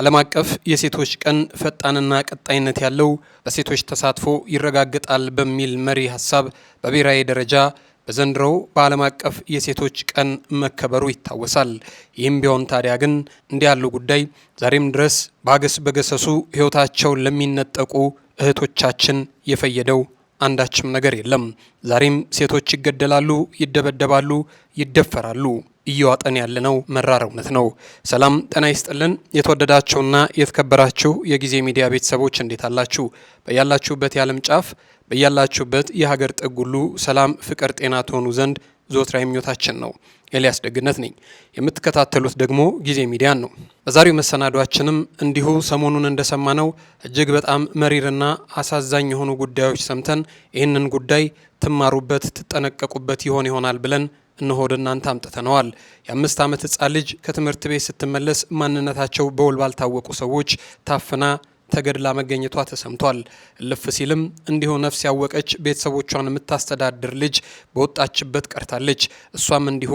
ዓለም አቀፍ የሴቶች ቀን ፈጣንና ቀጣይነት ያለው በሴቶች ተሳትፎ ይረጋገጣል በሚል መሪ ሀሳብ በብሔራዊ ደረጃ በዘንድሮው በዓለም አቀፍ የሴቶች ቀን መከበሩ ይታወሳል። ይህም ቢሆን ታዲያ ግን እንዲህ ያሉ ጉዳይ ዛሬም ድረስ በአገስ በገሰሱ ሕይወታቸውን ለሚነጠቁ እህቶቻችን የፈየደው አንዳችም ነገር የለም። ዛሬም ሴቶች ይገደላሉ፣ ይደበደባሉ፣ ይደፈራሉ። እየዋጠን ያለነው መራር እውነት ነው። ሰላም ጤና ይስጥልን። የተወደዳችሁና የተከበራችሁ የጊዜ ሚዲያ ቤተሰቦች እንዴት አላችሁ? በያላችሁበት የዓለም ጫፍ በያላችሁበት የሀገር ጥግ ሁሉ ሰላም፣ ፍቅር፣ ጤና ትሆኑ ዘንድ ዞትራ ምኞታችን ነው። ኤልያስ ደግነት ነኝ። የምትከታተሉት ደግሞ ጊዜ ሚዲያን ነው። በዛሬው መሰናዷችንም እንዲሁ ሰሞኑን እንደሰማነው እጅግ በጣም መሪርና አሳዛኝ የሆኑ ጉዳዮች ሰምተን ይህንን ጉዳይ ትማሩበት ትጠነቀቁበት ይሆን ይሆናል ብለን እነሆ ወደ እናንተ አምጥተነዋል። የአምስት ዓመት ህፃን ልጅ ከትምህርት ቤት ስትመለስ ማንነታቸው በውል ባልታወቁ ሰዎች ታፍና ተገድላ መገኘቷ ተሰምቷል። እልፍ ሲልም እንዲሁ ነፍስ ያወቀች ቤተሰቦቿን የምታስተዳድር ልጅ በወጣችበት ቀርታለች። እሷም እንዲሁ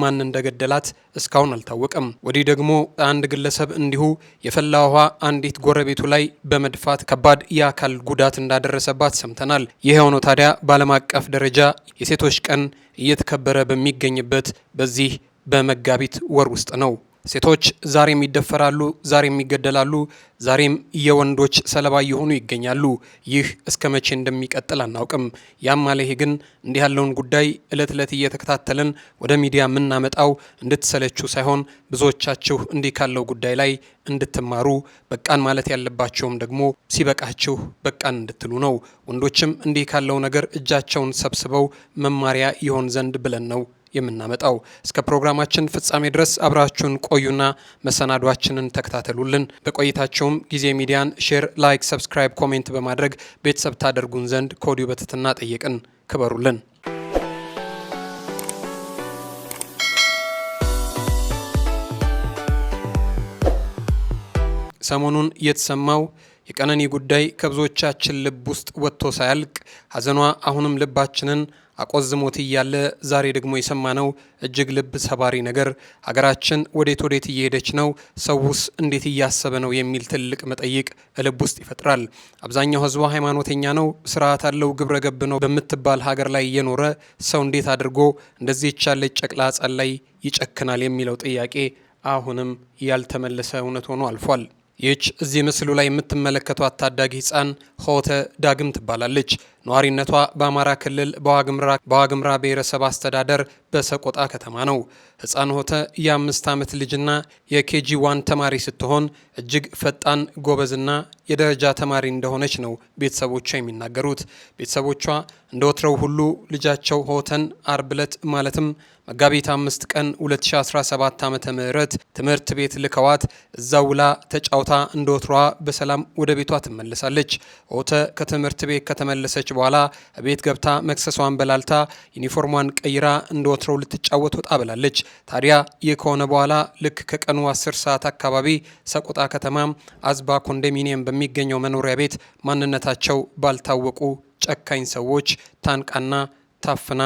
ማን እንደገደላት እስካሁን አልታወቀም። ወዲህ ደግሞ አንድ ግለሰብ እንዲሁ የፈላ ውሃ አንዲት ጎረቤቱ ላይ በመድፋት ከባድ የአካል ጉዳት እንዳደረሰባት ሰምተናል። ይህ የሆነው ታዲያ በዓለም አቀፍ ደረጃ የሴቶች ቀን እየተከበረ በሚገኝበት በዚህ በመጋቢት ወር ውስጥ ነው። ሴቶች ዛሬም ይደፈራሉ፣ ዛሬም ይገደላሉ፣ ዛሬም የወንዶች ሰለባ እየሆኑ ይገኛሉ። ይህ እስከ መቼ እንደሚቀጥል አናውቅም። ያም ማለሄ ግን እንዲህ ያለውን ጉዳይ እለት እለት እየተከታተልን ወደ ሚዲያ የምናመጣው እንድትሰለችው ሳይሆን ብዙዎቻችሁ እንዲህ ካለው ጉዳይ ላይ እንድትማሩ በቃን ማለት ያለባቸውም ደግሞ ሲበቃችሁ በቃን እንድትሉ ነው። ወንዶችም እንዲህ ካለው ነገር እጃቸውን ሰብስበው መማሪያ ይሆን ዘንድ ብለን ነው የምናመጣው። እስከ ፕሮግራማችን ፍጻሜ ድረስ አብራችሁን ቆዩና መሰናዷችንን ተከታተሉልን። በቆይታቸውም ጊዜ ሚዲያን ሼር፣ ላይክ፣ ሰብስክራይብ፣ ኮሜንት በማድረግ ቤተሰብ ታደርጉን ዘንድ ከወዲሁ በትህትና ጠየቅን። ክበሩልን። ሰሞኑን የተሰማው የቀነኒ ጉዳይ ከብዙዎቻችን ልብ ውስጥ ወጥቶ ሳያልቅ ሐዘኗ አሁንም ልባችንን አቆዝሞት እያለ ዛሬ ደግሞ የሰማነው እጅግ ልብ ሰባሪ ነገር ሀገራችን ወዴት ወዴት እየሄደች ነው? ሰውስ እንዴት እያሰበ ነው? የሚል ትልቅ መጠይቅ ልብ ውስጥ ይፈጥራል። አብዛኛው ህዝቡ ሃይማኖተኛ ነው፣ ስርዓት አለው፣ ግብረ ገብ ነው በምትባል ሀገር ላይ እየኖረ ሰው እንዴት አድርጎ እንደዚህ ይቻለች ጨቅላ ሕጻን ላይ ይጨክናል የሚለው ጥያቄ አሁንም ያልተመለሰ እውነት ሆኖ አልፏል። ይህች እዚህ ምስሉ ላይ የምትመለከቷት ታዳጊ ህፃን ሆተ ዳግም ትባላለች። ነዋሪነቷ በአማራ ክልል በዋግምራ ብሔረሰብ አስተዳደር በሰቆጣ ከተማ ነው። ህፃን ሆተ የአምስት ዓመት ልጅና የኬጂ ዋን ተማሪ ስትሆን እጅግ ፈጣን ጎበዝና የደረጃ ተማሪ እንደሆነች ነው ቤተሰቦቿ የሚናገሩት። ቤተሰቦቿ እንደ ወትረው ሁሉ ልጃቸው ሆተን አርብ ዕለት ማለትም መጋቢት አምስት ቀን 2017 ዓ ም ትምህርት ቤት ልከዋት እዛ ውላ ተጫውታ እንደ ወትሯ በሰላም ወደ ቤቷ ትመለሳለች። ሆተ ከትምህርት ቤት ከተመለሰች በኋላ ቤት ገብታ መክሰሷን በላልታ ዩኒፎርሟን ቀይራ እንደ ወትሮው ልትጫወት ወጣ ብላለች። ታዲያ ይህ ከሆነ በኋላ ልክ ከቀኑ 10 ሰዓት አካባቢ ሰቆጣ ከተማ አዝባ ኮንዶሚኒየም በሚገኘው መኖሪያ ቤት ማንነታቸው ባልታወቁ ጨካኝ ሰዎች ታንቃና ታፍና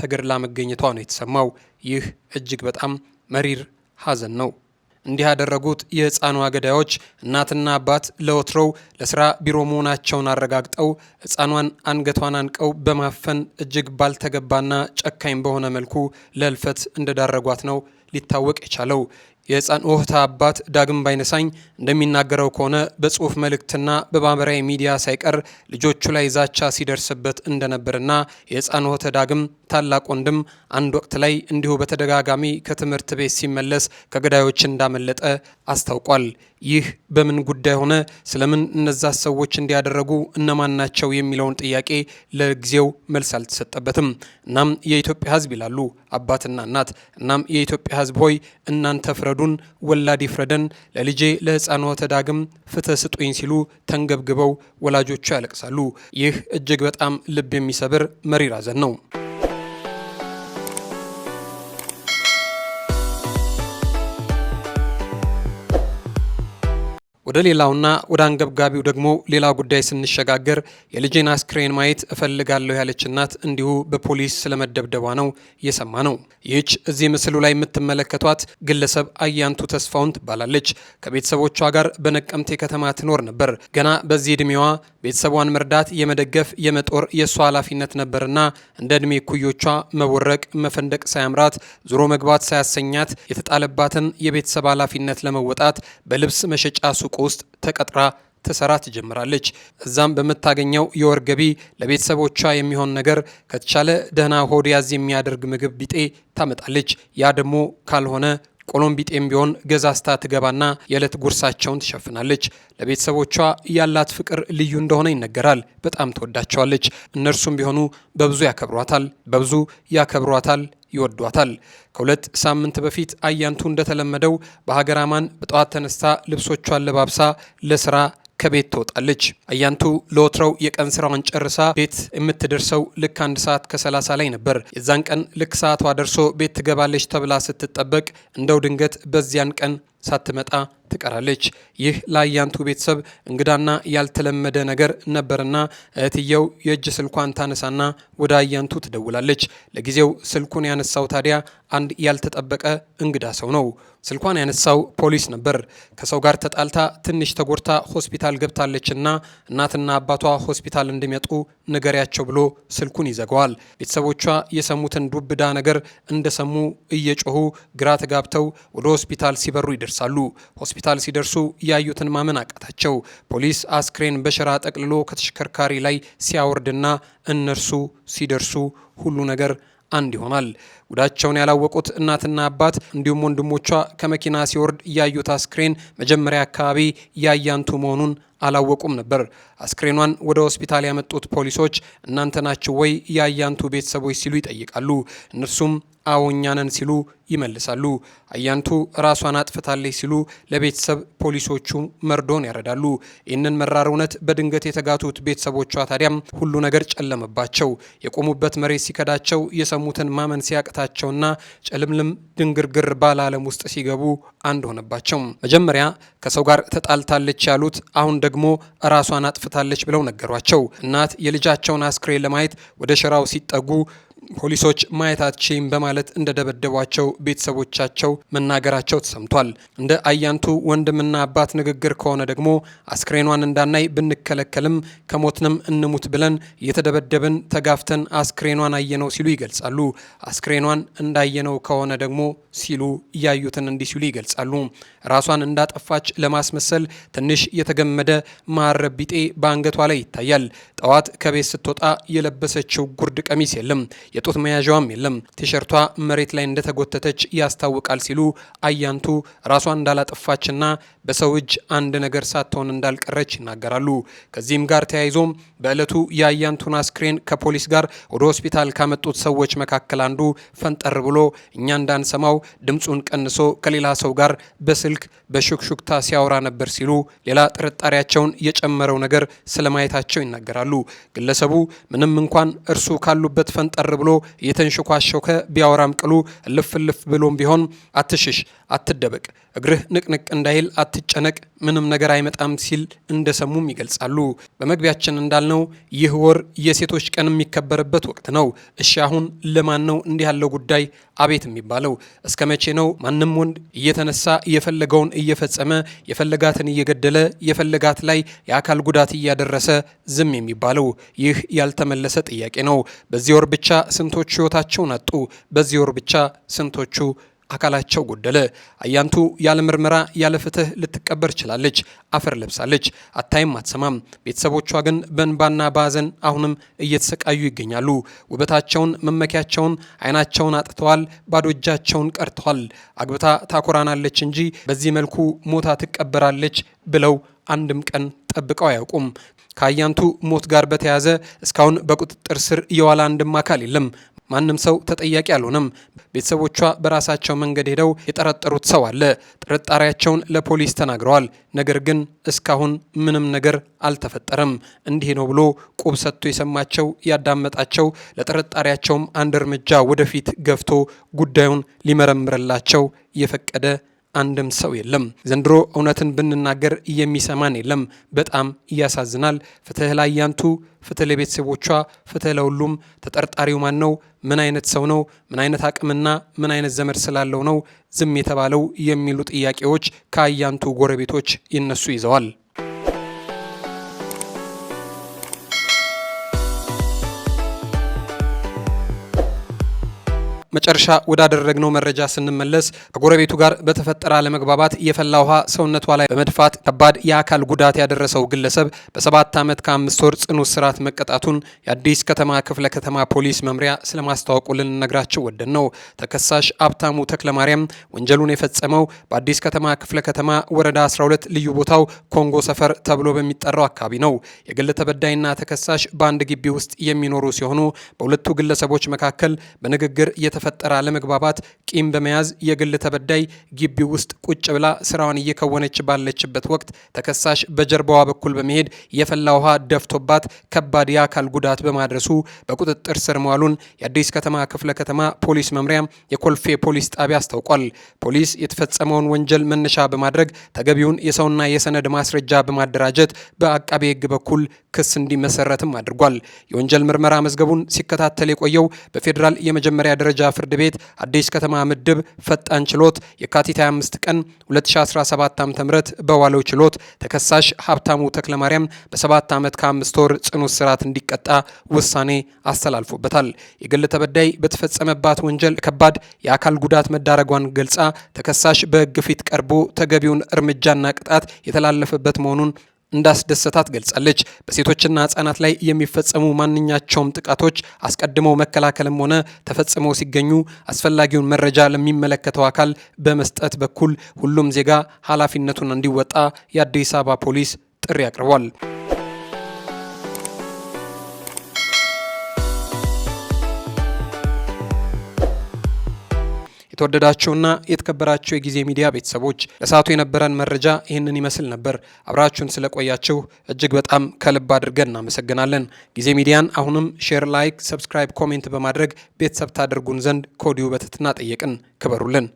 ተገድላ መገኘቷ ነው የተሰማው። ይህ እጅግ በጣም መሪር ሐዘን ነው። እንዲህ ያደረጉት የህፃኗ ገዳዮች እናትና አባት ለወትሮው ለስራ ቢሮ መሆናቸውን አረጋግጠው ህፃኗን አንገቷን አንቀው በማፈን እጅግ ባልተገባና ጨካኝ በሆነ መልኩ ለልፈት እንደዳረጓት ነው ሊታወቅ የቻለው። የህፃን ውህታ አባት ዳግም ባይነሳኝ እንደሚናገረው ከሆነ በጽሁፍ መልእክትና በማህበራዊ ሚዲያ ሳይቀር ልጆቹ ላይ ዛቻ ሲደርስበት እንደነበርና የህፃን ውህተ ዳግም ታላቅ ወንድም አንድ ወቅት ላይ እንዲሁ በተደጋጋሚ ከትምህርት ቤት ሲመለስ ከገዳዮች እንዳመለጠ አስታውቋል። ይህ በምን ጉዳይ ሆነ፣ ስለምን እነዛ ሰዎች እንዲያደረጉ እነማን ናቸው የሚለውን ጥያቄ ለጊዜው መልስ አልተሰጠበትም። እናም የኢትዮጵያ ሕዝብ ይላሉ አባትና እናት። እናም የኢትዮጵያ ሕዝብ ሆይ እናንተ ፍረዱን፣ ወላድ ይፍረደን፣ ለልጄ ለሕፃንወተ ዳግም ፍትህ ስጡኝ ሲሉ ተንገብግበው ወላጆቹ ያለቅሳሉ። ይህ እጅግ በጣም ልብ የሚሰብር መሪር ሐዘን ነው። ወደ ሌላውና ወደ አንገብጋቢው ደግሞ ሌላ ጉዳይ ስንሸጋገር የልጄን አስክሬን ማየት እፈልጋለሁ ያለች እናት እንዲሁ በፖሊስ ስለመደብደቧ ነው እየሰማ ነው። ይህች እዚህ ምስሉ ላይ የምትመለከቷት ግለሰብ አያንቱ ተስፋውን ትባላለች። ከቤተሰቦቿ ጋር በነቀምቴ ከተማ ትኖር ነበር። ገና በዚህ እድሜዋ ቤተሰቧን መርዳት፣ የመደገፍ፣ የመጦር የእሷ ኃላፊነት ነበርና እንደ እድሜ ኩዮቿ መቦረቅ፣ መፈንደቅ ሳያምራት ዞሮ መግባት ሳያሰኛት የተጣለባትን የቤተሰብ ኃላፊነት ለመወጣት በልብስ መሸጫ ሱቆ ውስጥ ተቀጥራ ትሰራ ትጀምራለች። እዛም በምታገኘው የወር ገቢ ለቤተሰቦቿ የሚሆን ነገር ከተቻለ ደህና ሆድ ያዝ የሚያደርግ ምግብ ቢጤ ታመጣለች። ያ ደግሞ ካልሆነ ቆሎም ቢጤም ቢሆን ገዛስታ ትገባና የዕለት ጉርሳቸውን ትሸፍናለች። ለቤተሰቦቿ ያላት ፍቅር ልዩ እንደሆነ ይነገራል። በጣም ትወዳቸዋለች። እነርሱም ቢሆኑ በብዙ ያከብሯታል፣ በብዙ ያከብሯታል ይወዷታል። ከሁለት ሳምንት በፊት አያንቱ እንደተለመደው በሀገር አማን በጠዋት ተነስታ ልብሶቿን ለባብሳ ለስራ ከቤት ትወጣለች። አያንቱ ለወትረው የቀን ስራዋን ጨርሳ ቤት የምትደርሰው ልክ አንድ ሰዓት ከሰላሳ ላይ ነበር። የዛን ቀን ልክ ሰዓቷ ደርሶ ቤት ትገባለች ተብላ ስትጠበቅ እንደው ድንገት በዚያን ቀን ሳትመጣ ትቀራለች። ይህ ለአያንቱ ቤተሰብ እንግዳና ያልተለመደ ነገር ነበርና እህትየው የእጅ ስልኳን ታነሳና ወደ አያንቱ ትደውላለች። ለጊዜው ስልኩን ያነሳው ታዲያ አንድ ያልተጠበቀ እንግዳ ሰው ነው። ስልኳን ያነሳው ፖሊስ ነበር። ከሰው ጋር ተጣልታ ትንሽ ተጎድታ ሆስፒታል ገብታለችና እናትና አባቷ ሆስፒታል እንዲመጡ ንገሪያቸው ብሎ ስልኩን ይዘጋዋል። ቤተሰቦቿ የሰሙትን ዱብዳ ነገር እንደሰሙ እየጮሁ ግራ ተጋብተው ወደ ሆስፒታል ሲበሩ ይደርሳሉ። ሆስፒታል ሲደርሱ ያዩትን ማመን አቃታቸው። ፖሊስ አስክሬን በሸራ ጠቅልሎ ከተሽከርካሪ ላይ ሲያወርድና እነርሱ ሲደርሱ ሁሉ ነገር አንድ ይሆናል። ጉዳቸውን ያላወቁት እናትና አባት እንዲሁም ወንድሞቿ ከመኪና ሲወርድ እያዩት አስክሬን መጀመሪያ አካባቢ ያያንቱ መሆኑን አላወቁም ነበር። አስክሬኗን ወደ ሆስፒታል ያመጡት ፖሊሶች እናንተ ናችሁ ወይ የአያንቱ ቤተሰቦች ሲሉ ይጠይቃሉ። እነርሱም አዎ እኛ ነን ሲሉ ይመልሳሉ። አያንቱ ራሷን አጥፍታለች ሲሉ ለቤተሰብ ፖሊሶቹ መርዶን ያረዳሉ። ይህንን መራር እውነት በድንገት የተጋቱት ቤተሰቦቿ ታዲያም ሁሉ ነገር ጨለመባቸው። የቆሙበት መሬት ሲከዳቸው፣ የሰሙትን ማመን ሲያቅታቸውና ጨልምልም ድንግርግር ባለ ዓለም ውስጥ ሲገቡ አንድ ሆነባቸው። መጀመሪያ ከሰው ጋር ተጣልታለች ያሉት አሁን ደግሞ ራሷን አጥፍታለች ብለው ነገሯቸው። እናት የልጃቸውን አስክሬን ለማየት ወደ ሽራው ሲጠጉ ፖሊሶች ማየታችን በማለት እንደደበደቧቸው ቤተሰቦቻቸው መናገራቸው ተሰምቷል። እንደ አያንቱ ወንድምና አባት ንግግር ከሆነ ደግሞ አስክሬኗን እንዳናይ ብንከለከልም ከሞትንም እንሙት ብለን እየተደበደብን ተጋፍተን አስክሬኗን አየነው ሲሉ ይገልጻሉ። አስክሬኗን እንዳየነው ከሆነ ደግሞ ሲሉ እያዩትን እንዲህ ሲሉ ይገልጻሉ። ራሷን እንዳጠፋች ለማስመሰል ትንሽ የተገመደ መሀረብ ቢጤ በአንገቷ ላይ ይታያል። ጠዋት ከቤት ስትወጣ የለበሰችው ጉርድ ቀሚስ የለም፣ የጡት መያዣዋም የለም። ቲሸርቷ መሬት ላይ እንደተጎተተች ያስታውቃል ሲሉ አያንቱ ራሷን እንዳላጠፋችና በሰው እጅ አንድ ነገር ሳትሆን እንዳልቀረች ይናገራሉ። ከዚህም ጋር ተያይዞም በዕለቱ የአያንቱን አስክሬን ከፖሊስ ጋር ወደ ሆስፒታል ካመጡት ሰዎች መካከል አንዱ ፈንጠር ብሎ እኛ እንዳንሰማው ድምፁን ቀንሶ ከሌላ ሰው ጋር በስልክ በሹክሹክታ ሲያወራ ነበር ሲሉ ሌላ ጥርጣሬያቸውን የጨመረው ነገር ስለማየታቸው ይናገራሉ። ይናገራሉ። ግለሰቡ ምንም እንኳን እርሱ ካሉበት ፈንጠር ብሎ እየተንሸኳሸከ ቢያወራም ቅሉ ልፍልፍ ብሎም ቢሆን አትሽሽ አትደበቅ፣ እግርህ ንቅንቅ እንዳይል አትጨነቅ፣ ምንም ነገር አይመጣም ሲል እንደሰሙም ይገልጻሉ። በመግቢያችን እንዳልነው ይህ ወር የሴቶች ቀን የሚከበርበት ወቅት ነው። እሺ አሁን ለማን ነው እንዲህ ያለው ጉዳይ አቤት የሚባለው? እስከ መቼ ነው ማንም ወንድ እየተነሳ የፈለገውን እየፈጸመ የፈለጋትን እየገደለ የፈለጋት ላይ የአካል ጉዳት እያደረሰ ዝም የሚባለው? ይህ ያልተመለሰ ጥያቄ ነው። በዚህ ወር ብቻ ስንቶቹ ህይወታቸውን አጡ? በዚህ ወር ብቻ ስንቶቹ አካላቸው ጎደለ። አያንቱ ያለ ምርመራ ያለ ፍትህ ልትቀበር ችላለች። አፈር ለብሳለች። አታይም፣ አትሰማም። ቤተሰቦቿ ግን በእንባና በሀዘን አሁንም እየተሰቃዩ ይገኛሉ። ውበታቸውን፣ መመኪያቸውን፣ አይናቸውን አጥተዋል። ባዶ እጃቸውን ቀርተዋል። አግብታ ታኮራናለች እንጂ በዚህ መልኩ ሞታ ትቀበራለች ብለው አንድም ቀን ጠብቀው አያውቁም። ከአያንቱ ሞት ጋር በተያያዘ እስካሁን በቁጥጥር ስር የዋለ አንድም አካል የለም። ማንም ሰው ተጠያቂ አልሆነም። ቤተሰቦቿ በራሳቸው መንገድ ሄደው የጠረጠሩት ሰው አለ። ጥርጣሬያቸውን ለፖሊስ ተናግረዋል። ነገር ግን እስካሁን ምንም ነገር አልተፈጠረም። እንዲህ ነው ብሎ ቁብ ሰጥቶ የሰማቸው ያዳመጣቸው፣ ለጥርጣሬያቸውም አንድ እርምጃ ወደፊት ገፍቶ ጉዳዩን ሊመረምርላቸው የፈቀደ አንድም ሰው የለም። ዘንድሮ እውነትን ብንናገር የሚሰማን የለም። በጣም ያሳዝናል። ፍትህ ላያንቱ ፍትህ ለቤተሰቦቿ፣ ፍትህ ለሁሉም። ተጠርጣሪው ማን ነው? ምን አይነት ሰው ነው? ምን አይነት አቅምና ምን አይነት ዘመድ ስላለው ነው ዝም የተባለው? የሚሉ ጥያቄዎች ከአያንቱ ጎረቤቶች ይነሱ ይዘዋል። መጨረሻ ወዳደረግነው መረጃ ስንመለስ ከጎረቤቱ ጋር በተፈጠረ አለመግባባት የፈላ ውሃ ሰውነቷ ላይ በመድፋት ከባድ የአካል ጉዳት ያደረሰው ግለሰብ በሰባት ዓመት ከአምስት ወር ጽኑ እስራት መቀጣቱን የአዲስ ከተማ ክፍለ ከተማ ፖሊስ መምሪያ ስለማስታወቁ ልንነግራቸው ወደን ነው። ተከሳሽ አብታሙ ተክለማርያም ወንጀሉን የፈጸመው በአዲስ ከተማ ክፍለ ከተማ ወረዳ 12 ልዩ ቦታው ኮንጎ ሰፈር ተብሎ በሚጠራው አካባቢ ነው። የግል ተበዳይና ተከሳሽ በአንድ ግቢ ውስጥ የሚኖሩ ሲሆኑ በሁለቱ ግለሰቦች መካከል በንግግር የተ በተፈጠረ አለመግባባት ቂም በመያዝ የግል ተበዳይ ግቢ ውስጥ ቁጭ ብላ ስራዋን እየከወነች ባለችበት ወቅት ተከሳሽ በጀርባዋ በኩል በመሄድ የፈላ ውሃ ደፍቶባት ከባድ የአካል ጉዳት በማድረሱ በቁጥጥር ስር መዋሉን የአዲስ ከተማ ክፍለ ከተማ ፖሊስ መምሪያ የኮልፌ ፖሊስ ጣቢያ አስታውቋል። ፖሊስ የተፈጸመውን ወንጀል መነሻ በማድረግ ተገቢውን የሰውና የሰነድ ማስረጃ በማደራጀት በአቃቤ ሕግ በኩል ክስ እንዲመሰረትም አድርጓል። የወንጀል ምርመራ መዝገቡን ሲከታተል የቆየው በፌዴራል የመጀመሪያ ደረጃ ጠቅላይ ፍርድ ቤት አዲስ ከተማ ምድብ ፈጣን ችሎት የካቲት 25 ቀን 2017 ዓ.ም በዋለው ችሎት ተከሳሽ ሀብታሙ ተክለማርያም በሰባት ዓመት ከአምስት ወር ጽኑ እስራት እንዲቀጣ ውሳኔ አስተላልፎበታል። የግል ተበዳይ በተፈጸመባት ወንጀል ከባድ የአካል ጉዳት መዳረጓን ገልጻ ተከሳሽ በህግ ፊት ቀርቦ ተገቢውን እርምጃና ቅጣት የተላለፈበት መሆኑን እንዳስደሰታት ገልጻለች። በሴቶችና ህጻናት ላይ የሚፈጸሙ ማንኛቸውም ጥቃቶች አስቀድመው መከላከልም ሆነ ተፈጽመው ሲገኙ አስፈላጊውን መረጃ ለሚመለከተው አካል በመስጠት በኩል ሁሉም ዜጋ ኃላፊነቱን እንዲወጣ የአዲስ አበባ ፖሊስ ጥሪ አቅርቧል። የተወደዳችሁና የተከበራችሁ የጊዜ ሚዲያ ቤተሰቦች ለሰዓቱ የነበረን መረጃ ይህንን ይመስል ነበር። አብራችሁን ስለቆያችሁ እጅግ በጣም ከልብ አድርገን እናመሰግናለን። ጊዜ ሚዲያን አሁንም ሼር፣ ላይክ፣ ሰብስክራይብ፣ ኮሜንት በማድረግ ቤተሰብ ታደርጉን ዘንድ ኮዲው በትህትና ጠየቅን። ክበሩልን።